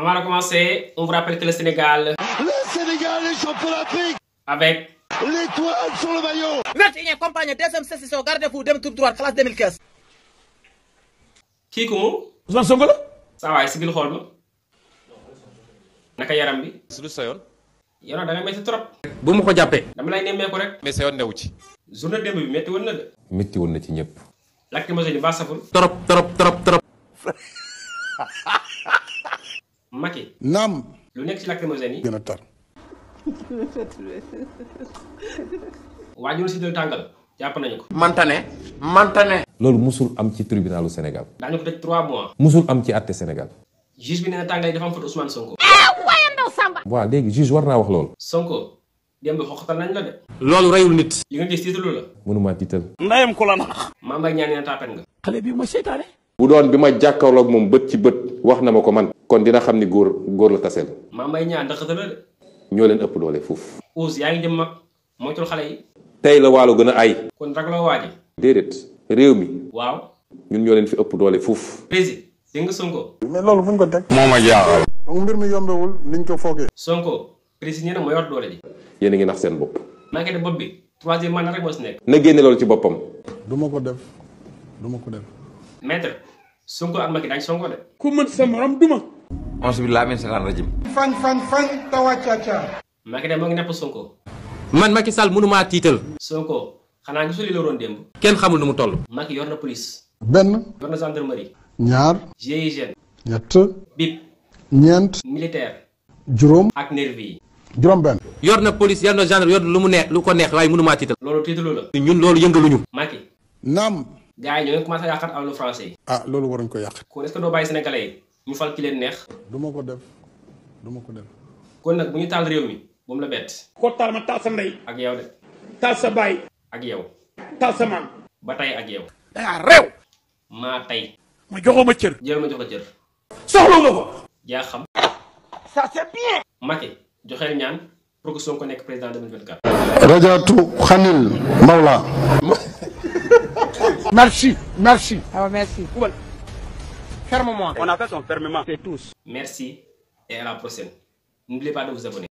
On va commencer, on vous rappelle que le Sénégal. Le Sénégal est champion Avec. L'étoile sur le maillot compagnie campagne, deuxième session, gardez-vous, deuxième tour droit, classe 2015. Qui Ousmane Sonko Ça va, c'est Bill Holm. Naka bi Sur da nga vous trop. Bu vous Dama lay rek. Mais Vous ci. vous bi vous Tu na de. Vous na ci Vous vous. Trop trop trop trop. Maki. Nam. lu nekk ci lacrymogène yi gën a tar waajul si dal tàngal jàpp nañu ko mantane mantane loolu musul am ci tribunalu sénégal daañu ko tëj 3 mois musul am ci àtte sénégal juge bi nee na tàngal dafa am foto Ousmane Sonko eh, waaye ndaw Samba waaw léegi juge war naa wax loolu Sonko démb xoxatal nañ la de loolu reyul nit li nga gis tiitalu la mënumaa tiital ndayam ko la nax maa mbay ñaan nee nga xale bi ma seytaane bu doon bi ma jàkkaarloog moom bët ci beut waxna mako man kon dina xamni gor gor la tassel ma may ñaan da la de ñoo leen ëpp doole fuf ous yaa dem ma mag moytul xalé yi tay la walu gëna ay kon la waji dedet rew mi waaw ñun ñoo leen fi ëpp doole fuf pesi di nga sonko mais loolu fu ko tek moma jaaxal donc mbir mi yombewul niñ ko foggé sonko pesi ñena mo yor doole ji yéen ngi nax seen bop maa ngi def bopp bi e man rek mo si na génne loolu ci bopam duma ko def duma ko def maître sonko ak maki dañ sonko de ku man sa morom duma la min sanan rajim fan fan fan tawa cha cha maki de mo ngi nepp sonko man maki sal munuma titel sonko xana ñu soli la ron demb kenn xamul numu tollu toll maki yorna police ben yorna gendarmerie ñaar GIGN ñett bip ñent militaire jurom ak nervi jurom ben yorna police yorna gendarmerie yorna lumu neex lu ko neex way munuma titel lolu tiitalu la ñun lolu yëngaluñu maki nam gars yi ñoo ngi commencé ah, ko yàq. kon est-ce que doo neex. du ma ko def du ma ko def. kon nag bu ñu taal réew mi moom la bett. ko taal sa ndey. ak yow de. sa baay. ak yow. taal sa maam. tey ak yow. da réew. ma joxoo ma cër. jël ma jox la cër. soxla nga ko. yaa xam. ça c'est bien. Macky joxeel ñaan pour que Sonko nekk président 2024. rajatu xanil mawla Merci, merci. Ah, merci. fermement, On a fait son fermement. Merci et à la prochaine. N'oubliez pas de vous abonner.